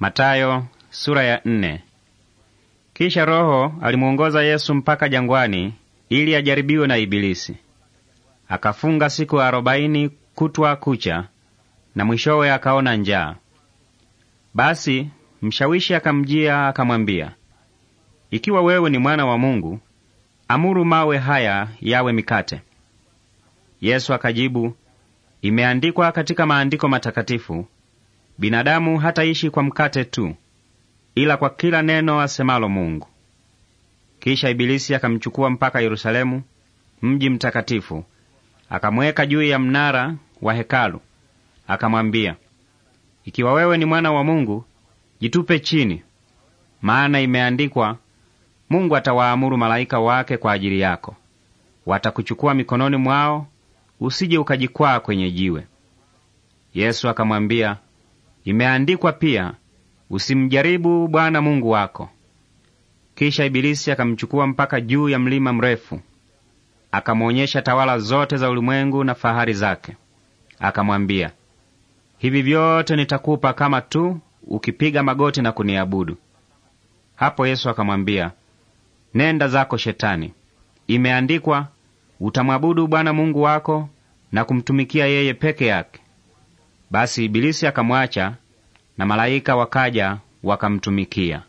Matayo sura ya nne. Kisha Roho alimuongoza Yesu mpaka jangwani ili ajaribiwe na Ibilisi. Akafunga siku arobaini kutwa kucha, na mwishowe akaona njaa. Basi mshawishi akamjia akamwambia, ikiwa wewe ni mwana wa Mungu, amuru mawe haya yawe mikate. Yesu akajibu, imeandikwa katika maandiko matakatifu Binadamu hataishi kwa mkate tu, ila kwa kila neno asemalo Mungu. Kisha Ibilisi akamchukua mpaka Yerusalemu, mji mtakatifu, akamweka juu ya mnara wa hekalu, akamwambia, ikiwa wewe ni mwana wa Mungu, jitupe chini, maana imeandikwa, Mungu atawaamuru malaika wake kwa ajili yako, watakuchukua mikononi mwao, usije ukajikwaa kwenye jiwe. Yesu akamwambia, Imeandikwa pia, usimjaribu Bwana Mungu wako. Kisha Ibilisi akamchukua mpaka juu ya mlima mrefu, akamwonyesha tawala zote za ulimwengu na fahari zake. Akamwambia, hivi vyote nitakupa kama tu ukipiga magoti na kuniabudu. Hapo Yesu akamwambia, nenda zako Shetani, imeandikwa, utamwabudu Bwana Mungu wako na kumtumikia yeye peke yake. Basi Ibilisi akamwacha na malaika wakaja wakamtumikia.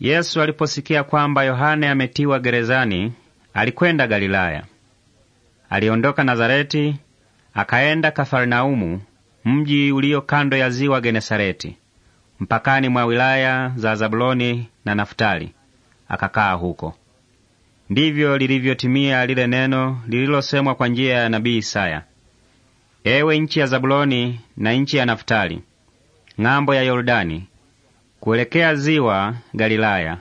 Yesu aliposikia kwamba Yohane ametiwa gerezani, alikwenda Galilaya. Aliondoka Nazareti akaenda Kafarnaumu, mji ulio kando ya ziwa Genesareti, mpakani mwa wilaya za Zabuloni na Naftali, akakaa huko. Ndivyo lilivyotimia lile neno lililosemwa kwa njia ya nabii Isaya: ewe nchi ya Zabuloni na nchi ya Naftali, ng'ambo ya Yordani kuelekea ziwa Galilaya,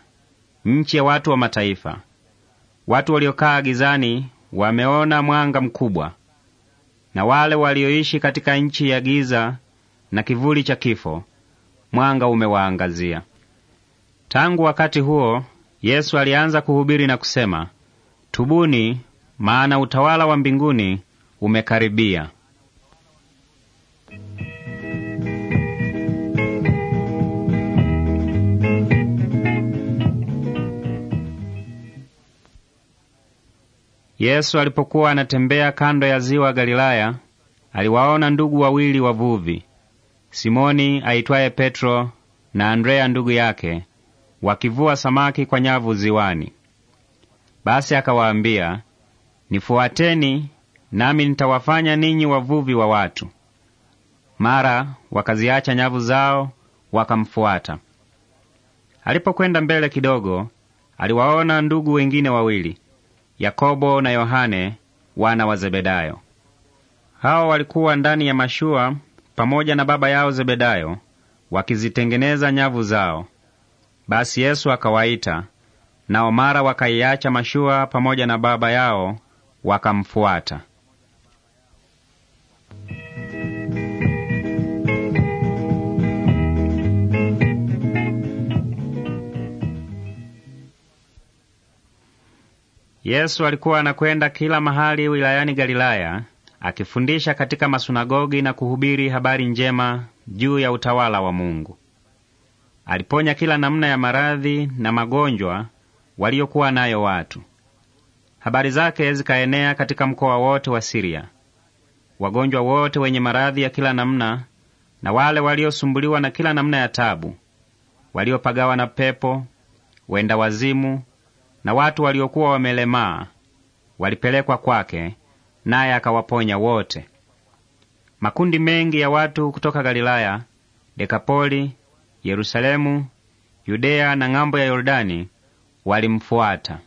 nchi ya watu wa mataifa, watu waliokaa gizani wameona mwanga mkubwa, na wale walioishi katika nchi ya giza na kivuli cha kifo mwanga umewaangazia. Tangu wakati huo Yesu alianza kuhubiri na kusema, tubuni, maana utawala wa mbinguni umekaribia. Yesu alipokuwa anatembea kando ya ziwa Galilaya, aliwaona ndugu wawili wavuvi Simoni aitwaye Petro na Andrea ndugu yake wakivua samaki kwa nyavu ziwani. Basi akawaambia, nifuateni nami nitawafanya ninyi wavuvi wa watu. Mara wakaziacha nyavu zao wakamfuata. Alipokwenda mbele kidogo, aliwaona ndugu wengine wawili, Yakobo na Yohane wana wa Zebedayo. Hao walikuwa ndani ya mashua pamoja na baba yao Zebedayo wakizitengeneza nyavu zao. Basi Yesu akawaita, nao mara wakaiacha mashua pamoja na baba yao wakamfuata. Yesu alikuwa anakwenda kila mahali wilayani Galilaya akifundisha katika masunagogi na kuhubiri habari njema juu ya utawala wa Mungu. Aliponya kila namna ya maradhi na magonjwa waliokuwa nayo watu. Habari zake zikaenea katika mkoa wote wa Siria. Wagonjwa wote wenye maradhi ya kila namna na wale waliosumbuliwa na kila namna ya tabu, waliopagawa na pepo, wenda wazimu na watu waliokuwa wamelemaa walipelekwa kwake, naye akawaponya wote. Makundi mengi ya watu kutoka Galilaya, Dekapoli, Yerusalemu, Yudeya na ng'ambo ya Yordani walimfuata.